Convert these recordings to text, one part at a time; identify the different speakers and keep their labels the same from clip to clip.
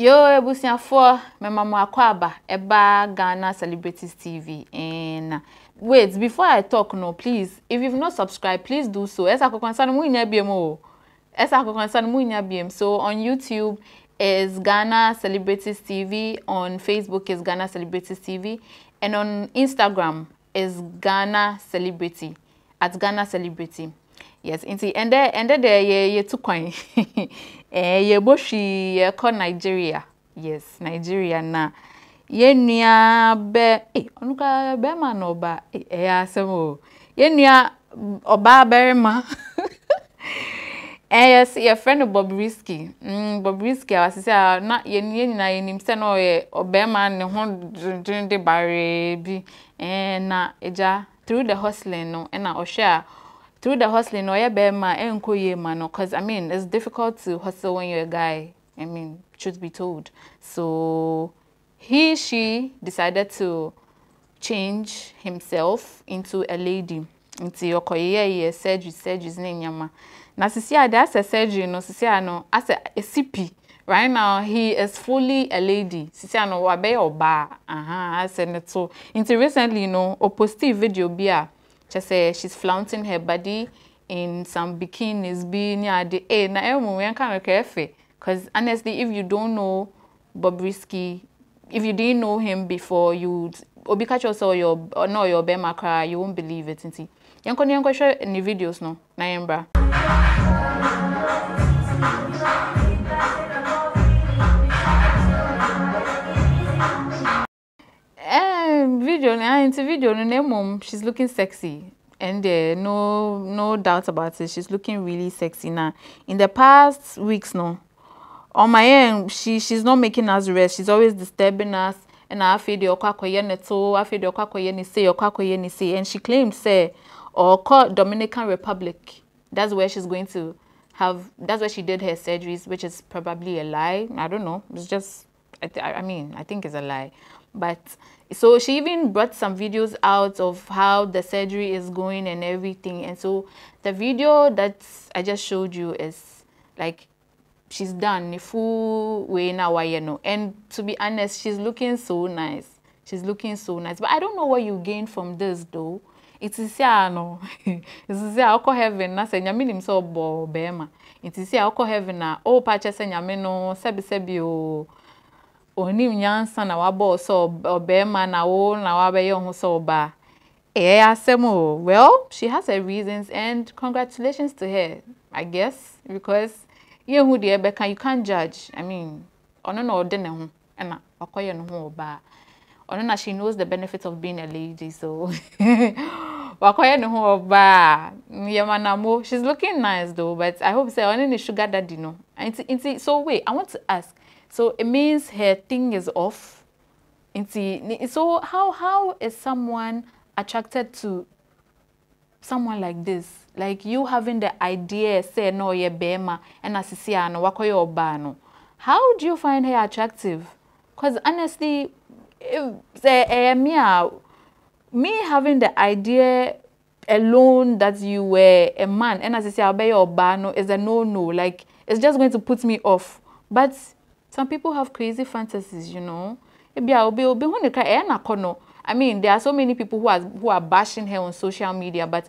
Speaker 1: yo ebusiafo me mama akwaba eba Ghana Celebrities TV and wait before I talk no please if you've not subscribed please do so esa concern mu nya biem o oh. esa concern mu nya biem so on YouTube is Ghana Celebrities TV on Facebook is Ghana Celebrities TV and on Instagram is Ghana Celebrity at Ghana Celebrity yes nti ɛndɛ ɛndɛ deɛ yɛ yɛtu kwan ɛɛ yɛbɔ hwii yɛkɔ nigeria yes nigeria na yɛn nua bɛ ee ɔno bɛrima na ɔbaa ee ɛyɛ asɛm o yɛn nua ɔbaa bɛrima ɛyɛ si yɛfrɛ Bobrisky Bobrisky a wasisi a na nyinaa sɛ na ɔyɛ ɔbɛrima ne ho dundun de baree bi eh, na egya through eh, a. through the hustling or your bear ma and eh, koye man 'cause I mean it's difficult to hustle when you're a guy. I mean, truth be told. So he she decided to change himself into a lady. Nti okoye ye surgery surgery's name nyama. Now, sisi ade a surgery no sisi ano a esipi. Right now he is fully a lady. Sisi no, wabe or oba. Aha, ase neto. Into recently no o posti video beer. kyɛ she's flaunting her body in some bikinis being ne The eh na ɛmu eh, yɛnka no kɛ because honestly if you don't know Bobrisky if you didn't know him before you obi ka kyerɛ sɛ ɔyɛ ɔna ɔyɛ bema koraa you won't believe it nti Yankon yanko yɛnkɔhwɛ any videos no na yɛmbra. Jolie, Auntie V Jolie, no, mom, she's looking sexy. And uh, no, no doubt about it. She's looking really sexy now. In the past weeks, no, on my end, she she's not making us rest. She's always disturbing us. And I feel the okakoye neto, I feel the okakoye ni say, okakoye ni say. And she claims say, or called Dominican Republic. That's where she's going to have. That's where she did her surgeries, which is probably a lie. I don't know. It's just I, I, mean, I think it's a lie. But so she even brought some videos out of how the surgery is going and everything. And so the video that I just showed you is like she's done full way now and to be honest she's looking so nice she's looking so nice but i don't know what you gain from this though it is yeah no it is a alcohol heaven na say nyame nim bo bema it is yeah alcohol heaven na o pa che sebi sebi o onim nyansa na wabɔ sɛ ɔbɛrima na wo na wabɛyɛ ho sɛ ɔbaa e, ɛyɛ asɛm o well she has her reasons and congratulations to her i guess because yɛhu deɛ ɛbɛka you can't judge i mean ɔno na ɔde ne ho ɛna ɔkɔyɛ ne ho ɔbaa ɔno na she knows the benefit of being a lady so wakɔyɛ ne ho ɔbaa yɛmanamo she's looking nice though but i hope sɛ ɔne ne sugar daddy no nti nti so wait i want to ask So it means her thing is off. So how, how is someone attracted to someone like this? Like you having the idea, say, no, you're Bema, and Asisiano, Wakoyo Obano. How do you find her attractive? Because honestly, if, eh, eh, me, me having the idea alone that you were a man and as I say I'll be your no is a no no. Like it's just going to put me off. But some people have crazy fantasies, you know. Maybe I'll be, I'll be, I mean, there are so many people who are, who are bashing her on social media, but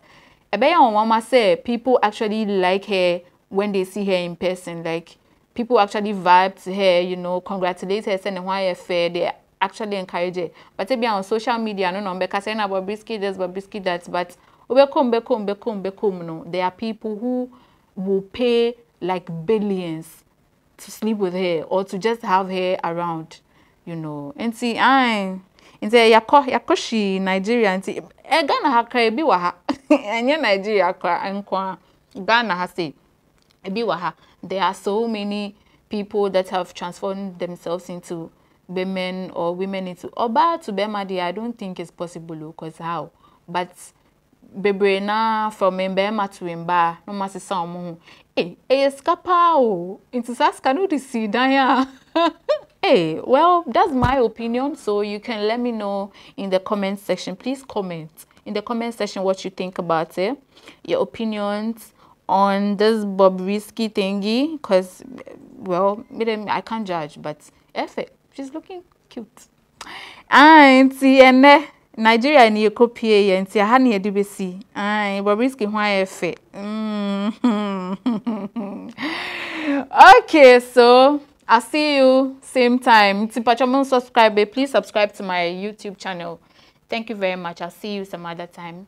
Speaker 1: people actually like her when they see her in person. Like, people actually vibe to her, you know, congratulate her, send her why her fair, they actually encourage her. But maybe on social media, no, no, because I'm about brisky this, about brisky that, but obekom, bekom, bekom, bekom, no. There are people who will pay like billions to sleep with her or to just have her around you know And see, I, ayi nti yakɔ yakɔ she nigeria And see, ɛ ghana haka kora ebi wɔ ha ɛnyɛ nigeria kora enkwa ghana ha se ebi wɔ ha there are so many people that have transformed themselves into women or women into ọba to be madi, i don't think it's possible because how but. bebree na from mmarima to mmaa no wɔn asesa wɔn ho ee ɛyɛ sika paa o nti saa sika no de dan hey well that's my opinion so you can let me know in the comment section please comment in the comment section what you think about it your opinions on this Bobrisky thingy because well I can't judge but F she's looking cute auntie and nigeria ni yɛkɔ pie yɛ nti aha ne yɛde bɛsi bobrisky ho ayɛ fɛ okay so i see you same time nti patwa mo subscribe please subscribe to my youtube channel thank you very much i see you some other time